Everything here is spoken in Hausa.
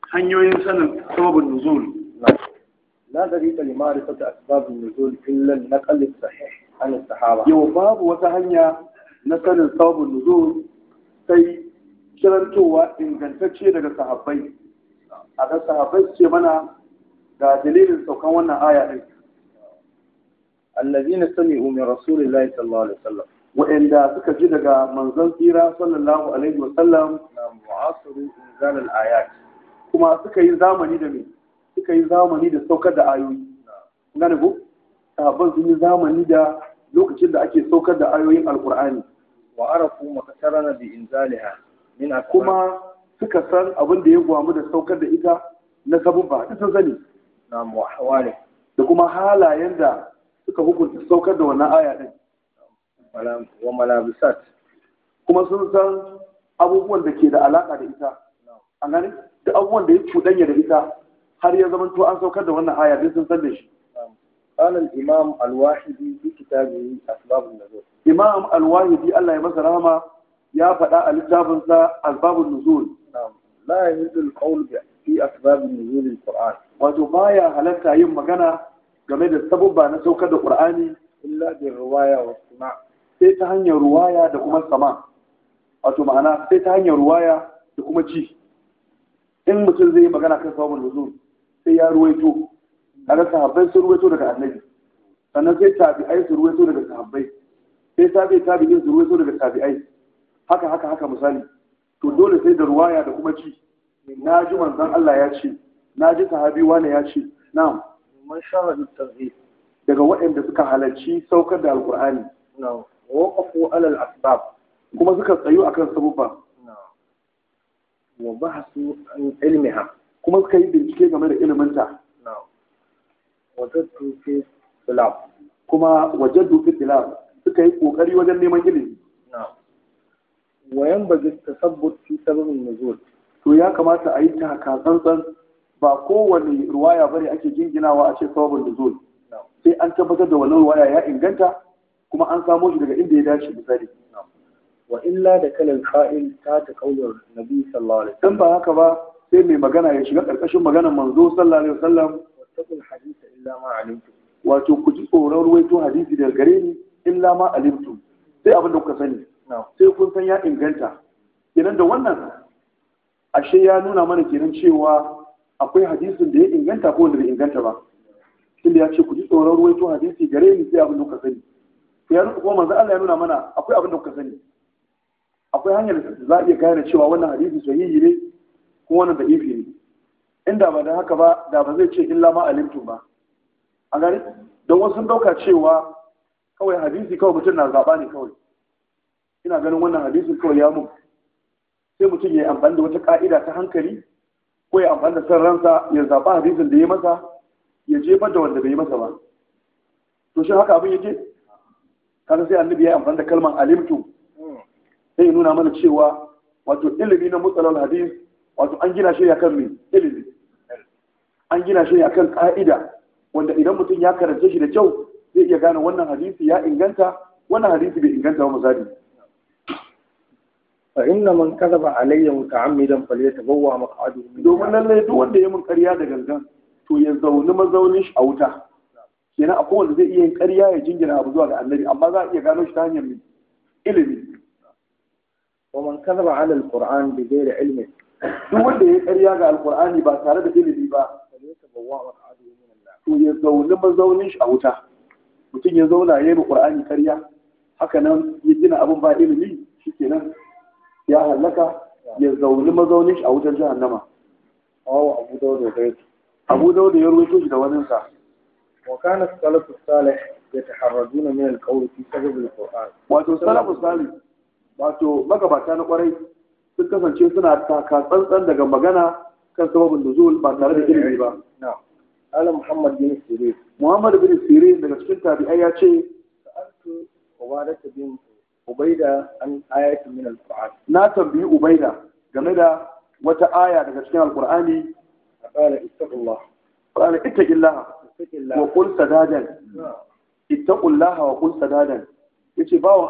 hanyoyin sanin sababin nuzul la dariqa li ma'rifati asbabin nuzul illa an-naql as-sahih an naql as sahih da hannun sahaba yau babu wata hanya na sanin sababin nuzul sai kirantowa ingantacce daga sahabbai a ga sahabbai ce mana ga dalilin saukan wannan aya allazina sami'u min rasulillahi sallallahu alaihi wasallam wa'anda suka ji daga manzon tsira sallallahu alaihi wasallam na mu'asiru inzal al-ayat kuma suka yi zamani da me suka yi zamani da saukar da ayoyi gane ko sahabban sun yi zamani da lokacin da ake saukar da ayoyin alqur'ani wa arafu makatarana bi inzaliha min kuma suka san abin da ya gwamu da saukar da ita na sabubba ita sani na muhawale da kuma halayen da suka hukunta saukar da wannan aya ɗin. Kuma sun san abubuwan da ke da alaƙa da ita, a gani da abubuwan da ya cuɗanya da ita har ya zama to an saukar da wannan aya din sun san da shi. Alal Imam Alwahidi bi kitabi Asbabun Nuzul. Imam Alwahidi Allah ya masa rahama ya faɗa a littafinsa littafin sa Asbabun Nuzul. La yahdul qawl bi asbabin nuzulil Qur'an. Wato baya halatta yin magana game da sabubba na saukar da ƙur'ani, illa bi ruwaya wa suna sai ta hanyar ruwaya da kuma sama wato ma'ana sai ta hanyar ruwaya da kuma ci in mutum zai yi magana kan sabon nuzul sai ya ruwaito a ga sahabbai sun ruwaito daga annabi sannan sai tabi'ai su ruwaito daga sahabbai sai tabi tabi'in su ruwaito daga tabi'ai haka haka haka misali to dole sai da ruwaya da kuma ci na ji manzon Allah ya ce na ji sahabi wane ya ce na'am man shahadu tarhib daga waɗanda suka halarci saukar da alqur'ani na'am waqafu alal asbab kuma suka tsayu akan sabubba wa bahasu an ilmiha kuma suka yi bincike game da iliminta wajaddu fi tilab kuma wajaddu fi tilab suka yi kokari wajen neman ilimi wayan bazin tasabbut fi sabbin nuzul to ya kamata a yi ta tsantsan ba kowane ruwaya bane ake jinginawa a ce sababin da zuwa sai an tabbatar da wannan ruwaya ya inganta kuma an samo shi daga inda ya dace misali wa illa da kalan qa'il ta ta kaular nabi sallallahu alaihi wasallam ba haka ba sai mai magana ya shiga karkashin maganar manzo sallallahu alaihi wasallam wattaqul hadith illa ma alimtum wato ku ji tsoron ruwaito hadisi daga gare ni illa ma alimtum sai abin da kuka sani sai kun san ya inganta kenan da wannan ashe ya nuna mana kenan cewa akwai hadisin da ya inganta ko da bai inganta ba tunda ya ce ku ji tsoron ruwaito hadisi gare ni sai abin da kuka sani to ya kuma manzo Allah ya nuna mana akwai abin da kuka sani akwai hanyar da za a iya gane cewa wannan hadisi sahihi ne ko wannan da ifi ne inda ba da haka ba da ba zai ce illa ma alimtu ba a gani don wasu dauka cewa kawai hadisi kawai mutum na zaba ne kawai ina ganin wannan hadisin kawai ya mun sai mutum ya yi amfani da wata ka'ida ta hankali ko ya amfani da san ransa ya zaɓa hadisin da ya masa ya jefar da wanda bai masa ba to shi haka abin yake kaga sai annabi ya amfani da kalmar alimtu sai ya nuna mana cewa wato ilimi na matsalar hadis wato an gina shi akan me ilimi an gina shi akan ka'ida wanda idan mutum ya karanta shi da kyau zai iya gane wannan hadisi ya inganta wannan hadisi bai inganta ba misali fa inna man kadaba alayya muta'ammidan falyatabawwa maq'adu domin lallai duk wanda ya mun ƙarya da gangan to ya zauni mazaunin shi a wuta kenan a kowanne zai iya yin ƙarya ya jingina abu zuwa ga annabi amma za a iya gano shi ta hanyar ilimi wa man kadaba ala alquran bi ghairi ilmi duk wanda ya ƙarya ga alqur'ani ba tare da ilimi ba to ya mazaunin shi a wuta mutum ya zauna ya ƙur'ani karya. haka nan ya gina abin ba ilimi shikenan ya halaka ya zauni mazaunin shi a wutar jahannama awu abu dawud da yake abu dawud ya ruwaito shi da wani sa wa kana salafu salih yataharrajuna min alqawl fi sabab alquran wato salafu salih wato magabata na kwarai sun kasance suna taka tsantsan daga magana kan sababin nuzul ba tare da ilimi ba ala muhammad bin sirin muhammad bin sirin daga cikin tabi'ai ya ce sa'altu ubadat bin ubaida an min na tambayi ubaida game da wata aya daga cikin alqurani qala ittaqullah qala ittaqillah wa qul sadadan wa qul sadadan yace bawon